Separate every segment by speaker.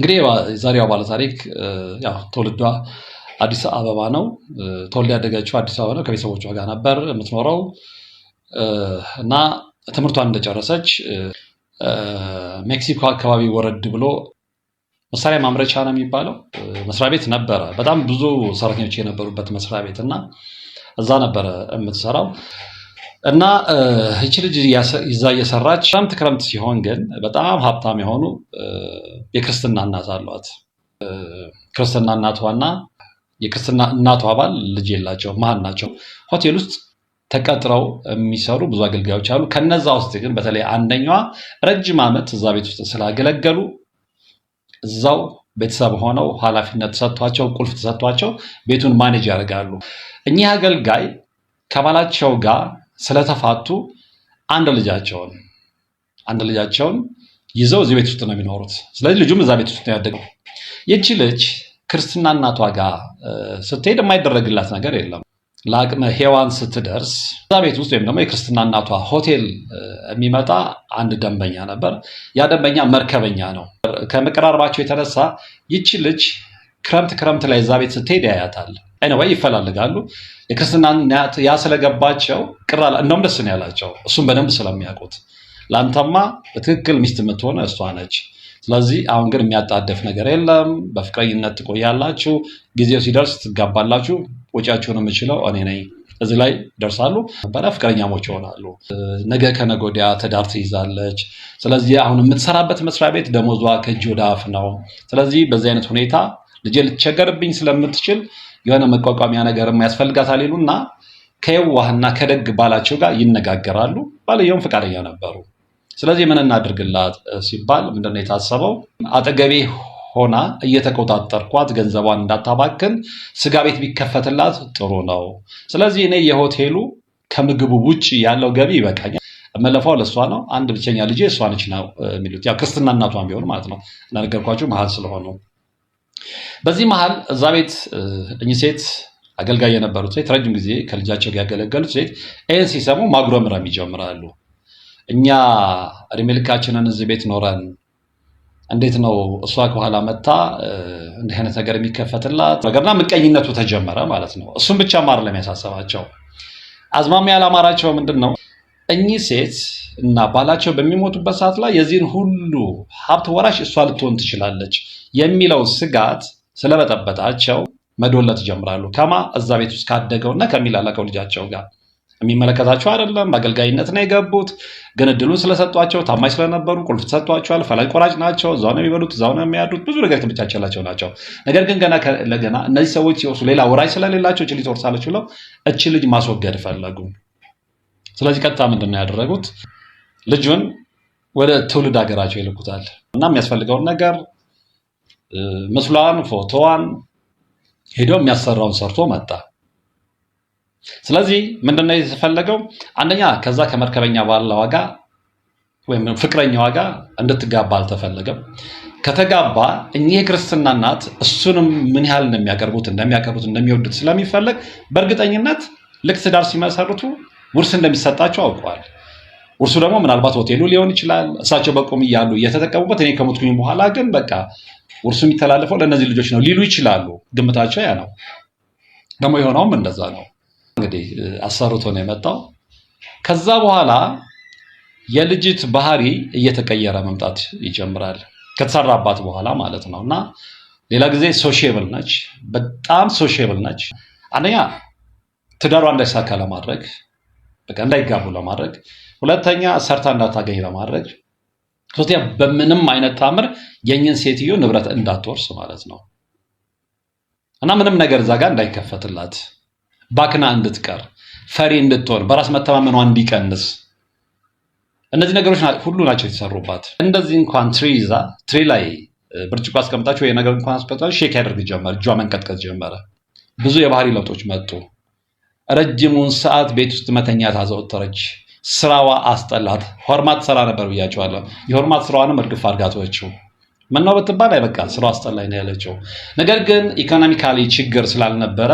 Speaker 1: እንግዲህ የዛሬዋ ባለታሪክ ያው ትውልዷ አዲስ አበባ ነው። ተወልዳ ያደገችው አዲስ አበባ ነው። ከቤተሰቦቿ ጋር ነበር የምትኖረው እና ትምህርቷን እንደጨረሰች ሜክሲኮ አካባቢ ወረድ ብሎ መሳሪያ ማምረቻ ነው የሚባለው መስሪያ ቤት ነበረ። በጣም ብዙ ሰራተኞች የነበሩበት መስሪያ ቤት እና እዛ ነበረ የምትሰራው። እና ይቺ ልጅ ይዛ እየሰራች ክረምት ክረምት ሲሆን ግን በጣም ሀብታም የሆኑ የክርስትና እናት አሏት። ክርስትና እናቷና የክርስትና እናቷ አባል ልጅ የላቸው መሀን ናቸው። ሆቴል ውስጥ ተቀጥረው የሚሰሩ ብዙ አገልጋዮች አሉ። ከነዛ ውስጥ ግን በተለይ አንደኛዋ ረጅም ዓመት እዛ ቤት ውስጥ ስላገለገሉ እዛው ቤተሰብ ሆነው ኃላፊነት ተሰጥቷቸው ቁልፍ ተሰጥቷቸው ቤቱን ማኔጅ ያደርጋሉ። እኚህ አገልጋይ ከባላቸው ጋር ስለተፋቱ አንድ ልጃቸውን አንድ ልጃቸውን ይዘው እዚህ ቤት ውስጥ ነው የሚኖሩት። ስለዚህ ልጁም እዛ ቤት ውስጥ ነው ያደገው። ይቺ ልጅ ክርስትና እናቷ ጋር ስትሄድ የማይደረግላት ነገር የለም። ለአቅመ ሔዋን ስትደርስ እዛ ቤት ውስጥ ወይም ደግሞ የክርስትና እናቷ ሆቴል የሚመጣ አንድ ደንበኛ ነበር። ያ ደንበኛ መርከበኛ ነው። ከመቀራረባቸው የተነሳ ይቺ ልጅ ክረምት ክረምት ላይ እዛ ቤት ስትሄድ ያያታል። ኤኒዌይ ይፈላልጋሉ። የክርስትናን ያ ስለገባቸው እንደም እንደውም ደስ ነው ያላቸው፣ እሱም በደንብ ስለሚያውቁት ለአንተማ በትክክል ሚስት የምትሆነ እሷ ነች። ስለዚህ አሁን ግን የሚያጣደፍ ነገር የለም። በፍቅረኝነት ትቆያላችሁ። ጊዜው ሲደርስ ትጋባላችሁ። ወጪያችሁን የምችለው እኔ ነኝ። እዚህ ላይ ደርሳሉ። በላ ፍቅረኛሞች ይሆናሉ። ነገ ከነገ ወዲያ ትዳር ትይዛለች። ስለዚህ አሁን የምትሰራበት መስሪያ ቤት ደሞዟ ከእጅ ወደ አፍ ነው። ስለዚህ በዚህ አይነት ሁኔታ ልጄ ልትቸገርብኝ ስለምትችል የሆነ መቋቋሚያ ነገር ያስፈልጋታል ይሉና ከየዋህና ከደግ ባላቸው ጋር ይነጋገራሉ። ባልየውም ፈቃደኛ ነበሩ። ስለዚህ ምን እናድርግላት ሲባል ምንድነው የታሰበው? አጠገቤ ሆና እየተቆጣጠርኳት ገንዘቧን እንዳታባክን ስጋ ቤት ቢከፈትላት ጥሩ ነው። ስለዚህ እኔ የሆቴሉ ከምግቡ ውጭ ያለው ገቢ ይበቃኛል። መለፋው ለእሷ ነው። አንድ ብቸኛ ልጅ እሷ ነች ነው የሚሉት። ያው ክርስትና እናቷን ቢሆን ማለት ነው። እንደነገርኳችሁ መሀል ስለሆኑ በዚህ መሀል እዛ ቤት እኚህ ሴት አገልጋይ የነበሩት ሴት ረጅም ጊዜ ከልጃቸው ጋር ያገለገሉት ሴት ይህን ሲሰሙ ማጉረምረም ይጀምራሉ። እኛ እድሜ ልካችንን እዚህ ቤት ኖረን እንዴት ነው እሷ ከኋላ መታ እንዲህ አይነት ነገር የሚከፈትላት ነገርና ምቀኝነቱ ተጀመረ ማለት ነው። እሱም ብቻ ማር ለሚያሳሰባቸው አዝማሚያ ያላማራቸው ምንድን ነው እኚህ ሴት እና ባላቸው በሚሞቱበት ሰዓት ላይ የዚህን ሁሉ ሀብት ወራሽ እሷ ልትሆን ትችላለች የሚለው ስጋት ስለበጠበጣቸው መዶለት ይጀምራሉ። ከማ እዛ ቤት ውስጥ ካደገው እና ከሚላላቀው ልጃቸው ጋር የሚመለከታቸው አይደለም። አገልጋይነት ነው የገቡት፣ ግን እድሉን ስለሰጧቸው ታማኝ ስለነበሩ ቁልፍ ተሰጧቸዋል። ፈላጭ ቆራጭ ናቸው። እዛው ነው የሚበሉት፣ እዛው ነው የሚያድሩት። ብዙ ነገር የተመቻቸላቸው ናቸው። ነገር ግን ገና ለገና እነዚህ ሰዎች ሲወርሱ ሌላ ወራጅ ስለሌላቸው እች ልጅ ትወርሳለች ብለው እች ልጅ ማስወገድ ፈለጉ። ስለዚህ ቀጥታ ምንድን ነው ያደረጉት? ልጁን ወደ ትውልድ ሀገራቸው ይልኩታል እና የሚያስፈልገውን ነገር ምስሏን፣ ፎቶዋን ሄዶ የሚያሰራውን ሰርቶ መጣ። ስለዚህ ምንድነው የተፈለገው? አንደኛ ከዛ ከመርከበኛ ባለ ዋጋ ወይም ፍቅረኛ ዋጋ እንድትጋባ አልተፈለገም። ከተጋባ እኚህ የክርስትና እናት እሱንም ምን ያህል እንደሚያቀርቡት እንደሚያቀርቡት እንደሚወዱት ስለሚፈለግ በእርግጠኝነት ልክ ትዳር ሲመሰርቱ ውርስ እንደሚሰጣቸው አውቀዋል። ውርሱ ደግሞ ምናልባት ሆቴሉ ሊሆን ይችላል። እሳቸው በቆም እያሉ እየተጠቀሙበት፣ እኔ ከሞትኩኝ በኋላ ግን በቃ ውርሱ የሚተላለፈው ለእነዚህ ልጆች ነው ሊሉ ይችላሉ። ግምታቸው ያ ነው። ደግሞ የሆነውም እንደዛ ነው። እንግዲህ አሰርቶ ነው የመጣው። ከዛ በኋላ የልጅት ባህሪ እየተቀየረ መምጣት ይጀምራል። ከተሰራባት በኋላ ማለት ነው። እና ሌላ ጊዜ ሶሽብል ነች፣ በጣም ሶሽብል ነች። አንደኛ ትዳሯ እንዳይሳካ ለማድረግ በቃ እንዳይጋቡ ለማድረግ፣ ሁለተኛ ሰርታ እንዳታገኝ ለማድረግ፣ ሶስተኛ በምንም አይነት ታምር የኝን ሴትዮ ንብረት እንዳትወርስ ማለት ነው እና ምንም ነገር እዛ ጋር እንዳይከፈትላት ባክና እንድትቀር ፈሪ እንድትሆን በራስ መተማመኗ እንዲቀንስ እነዚህ ነገሮች ሁሉ ናቸው የተሰሩባት። እንደዚህ እንኳን ትሪ ይዛ ትሪ ላይ ብርጭቆ አስቀምጣቸው ወይ ነገር እንኳን አስቀምጣ ሼክ ያደርግ ጀመር፣ እጇ መንቀጥቀጥ ጀመረ። ብዙ የባህሪ ለውጦች መጡ። ረጅሙን ሰዓት ቤት ውስጥ መተኛት አዘወተረች። ስራዋ አስጠላት። ሆርማት ስራ ነበር ብያቸዋለሁ። የሆርማት ስራዋንም እርግፍ አድርጋቶችው ምነው ብትባል አይበቃ ስራ አስጠላኝ ነው ያለችው። ነገር ግን ኢኮኖሚካሊ ችግር ስላልነበረ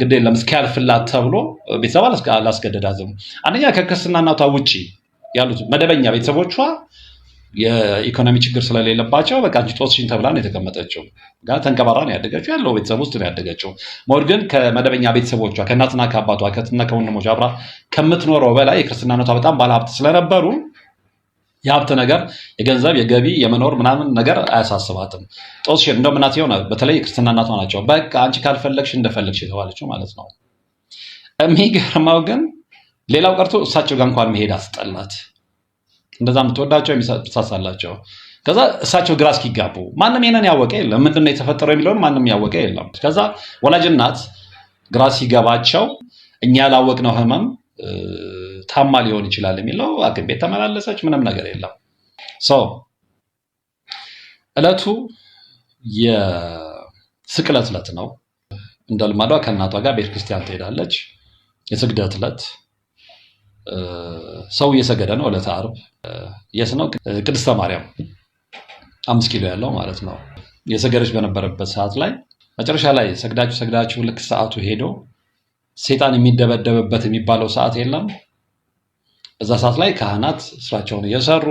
Speaker 1: ግድ የለም እስኪያልፍላት ተብሎ ቤተሰብ አላስገደዳትም። አንደኛ ከክርስትና እናቷ ውጪ ያሉት መደበኛ ቤተሰቦቿ የኢኮኖሚ ችግር ስለሌለባቸው በቃ ጦስሽን ተብላ ነው የተቀመጠችው። ጋር ተንቀባራ ነው ያደገችው፣ ያለው ቤተሰብ ውስጥ ነው ያደገችው። ሞድ ግን ከመደበኛ ቤተሰቦቿ ከእናትና ከአባቷ ከትና ከወንድሞች አብራ ከምትኖረው በላይ የክርስትናነቷ በጣም ባለሀብት ስለነበሩ የሀብት ነገር የገንዘብ የገቢ የመኖር ምናምን ነገር አያሳስባትም። ጦስሽን እንደውም እናት የሆነ በተለይ የክርስትና እናቷ ናቸው። በቃ አንቺ ካልፈለግሽ እንደፈለግሽ የተባለችው ማለት ነው። የሚገርመው ግን ሌላው ቀርቶ እሳቸው ጋር እንኳን መሄድ አስጠላት። እንደዛ የምትወዳቸው የሚሳሳላቸው ከዛ እሳቸው ግራ እስኪጋቡ ማንም ይሄንን ያወቀ የለም። ምንድነው የተፈጠረው የሚለውን ማንም ያወቀ የለም። ከዛ ወላጅ እናት ግራ ሲገባቸው እኛ ያላወቅነው ህመም ታማ ሊሆን ይችላል የሚለው ሐኪም ቤት ተመላለሰች። ምንም ነገር የለም። እለቱ የስቅለት እለት ነው። እንደ ልማዷ ከእናቷ ጋር ቤተክርስቲያን ትሄዳለች። የስግደት ዕለት ሰው እየሰገደ ነው። ዕለተ ዓርብ ነው? ቅድስተ ማርያም አምስት ኪሎ ያለው ማለት ነው። የሰገደች በነበረበት ሰዓት ላይ መጨረሻ ላይ ሰግዳችሁ ሰግዳችሁ ልክ ሰዓቱ ሄዶ ሴጣን የሚደበደብበት የሚባለው ሰዓት የለም። በዛ ሰዓት ላይ ካህናት ስራቸውን እየሰሩ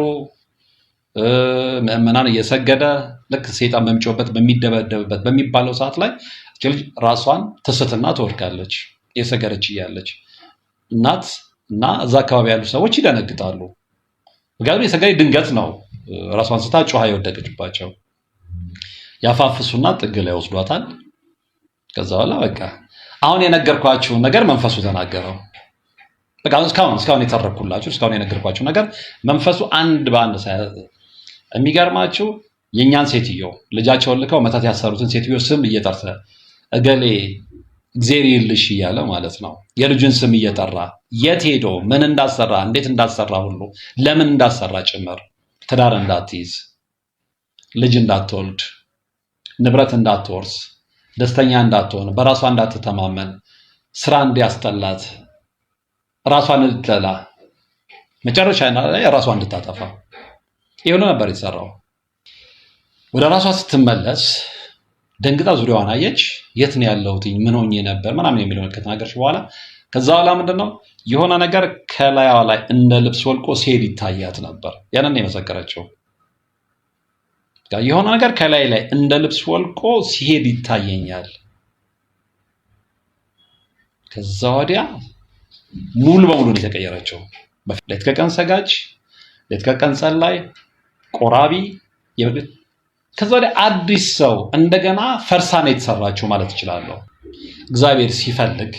Speaker 1: ምዕመናን እየሰገደ ልክ ሴጣን በሚጮበት በሚደበደብበት በሚባለው ሰዓት ላይ ልጅ ራሷን ትስትና ትወድቃለች። የሰገደች እያለች እናት እና እዛ አካባቢ ያሉ ሰዎች ይደነግጣሉ። ምክንያቱም የሰጋይ ድንገት ነው ራሷን ስታ ጮሃ የወደቀችባቸው። ያፋፍሱና ጥግ ላይ ወስዷታል። ከዛ በኋላ በቃ አሁን የነገርኳችሁን ነገር መንፈሱ ተናገረው። በቃ እስካሁን እስካሁን የተረኩላችሁ እስካሁን የነገርኳችሁ ነገር መንፈሱ አንድ በአንድ የሚገርማችሁ የእኛን ሴትዮ ልጃቸውን ልከው መተት ያሰሩትን ሴትዮ ስም እየጠርሰ እገሌ እግዜር ይልሽ እያለ ማለት ነው። የልጁን ስም እየጠራ የት ሄዶ ምን እንዳሰራ እንዴት እንዳሰራ ሁሉ ለምን እንዳሰራ ጭምር ትዳር እንዳትይዝ፣ ልጅ እንዳትወልድ፣ ንብረት እንዳትወርስ፣ ደስተኛ እንዳትሆን፣ በራሷ እንዳትተማመን፣ ስራ እንዲያስጠላት፣ ራሷን እንድትጠላ፣ መጨረሻ ላይ ራሷ እንድታጠፋ የሆነ ነበር የተሰራው። ወደ ራሷ ስትመለስ ደንግጣ ዙሪያዋን አየች። የት ነው ያለሁት? ምን ሆኜ ነበር? ምናምን የሚለውን ከተናገረች በኋላ ከዛ በኋላ ምንድን ነው የሆነ ነገር ከላያዋ ላይ እንደ ልብስ ወልቆ ሲሄድ ይታያት ነበር። ያንን የመሰከረችው የሆነ ነገር ከላይ ላይ እንደ ልብስ ወልቆ ሲሄድ ይታየኛል። ከዛ ወዲያ ሙሉ በሙሉ ነው የተቀየረችው። ሌት ከቀን ሰጋጅ፣ ሌት ከቀን ጸላይ፣ ቆራቢ ከዛ ወደ አዲስ ሰው እንደገና ፈርሳ ነው የተሰራችው ማለት እችላለሁ። እግዚአብሔር ሲፈልግ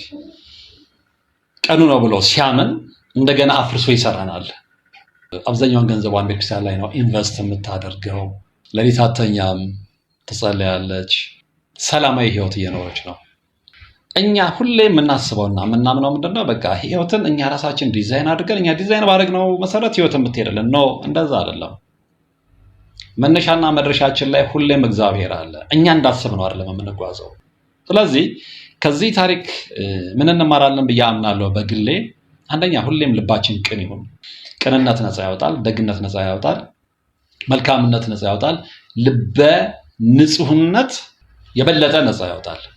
Speaker 1: ቀኑ ነው ብሎ ሲያምን እንደገና አፍርሶ ይሰራናል። አብዛኛውን ገንዘቧን ቤተክርስቲያን ላይ ነው ኢንቨስት የምታደርገው። ሌሊት አተኛም፣ ትጸለያለች፣ ሰላማዊ ህይወት እየኖረች ነው። እኛ ሁሌ የምናስበውና የምናምነው ምንድነው? በቃ ህይወትን እኛ ራሳችን ዲዛይን አድርገን እኛ ዲዛይን ባደረግነው መሰረት ህይወት የምትሄድልን ነው። እንደዛ አይደለም። መነሻና መድረሻችን ላይ ሁሌም እግዚአብሔር አለ። እኛ እንዳስብ ነው አይደለም የምንጓዘው። ስለዚህ ከዚህ ታሪክ ምን እንማራለን ብዬ አምናለሁ በግሌ። አንደኛ ሁሌም ልባችን ቅን ይሁን። ቅንነት ነፃ ያወጣል፣ ደግነት ነፃ ያወጣል፣ መልካምነት ነፃ ያወጣል፣ ልበ ንጹህነት የበለጠ ነፃ ያወጣል።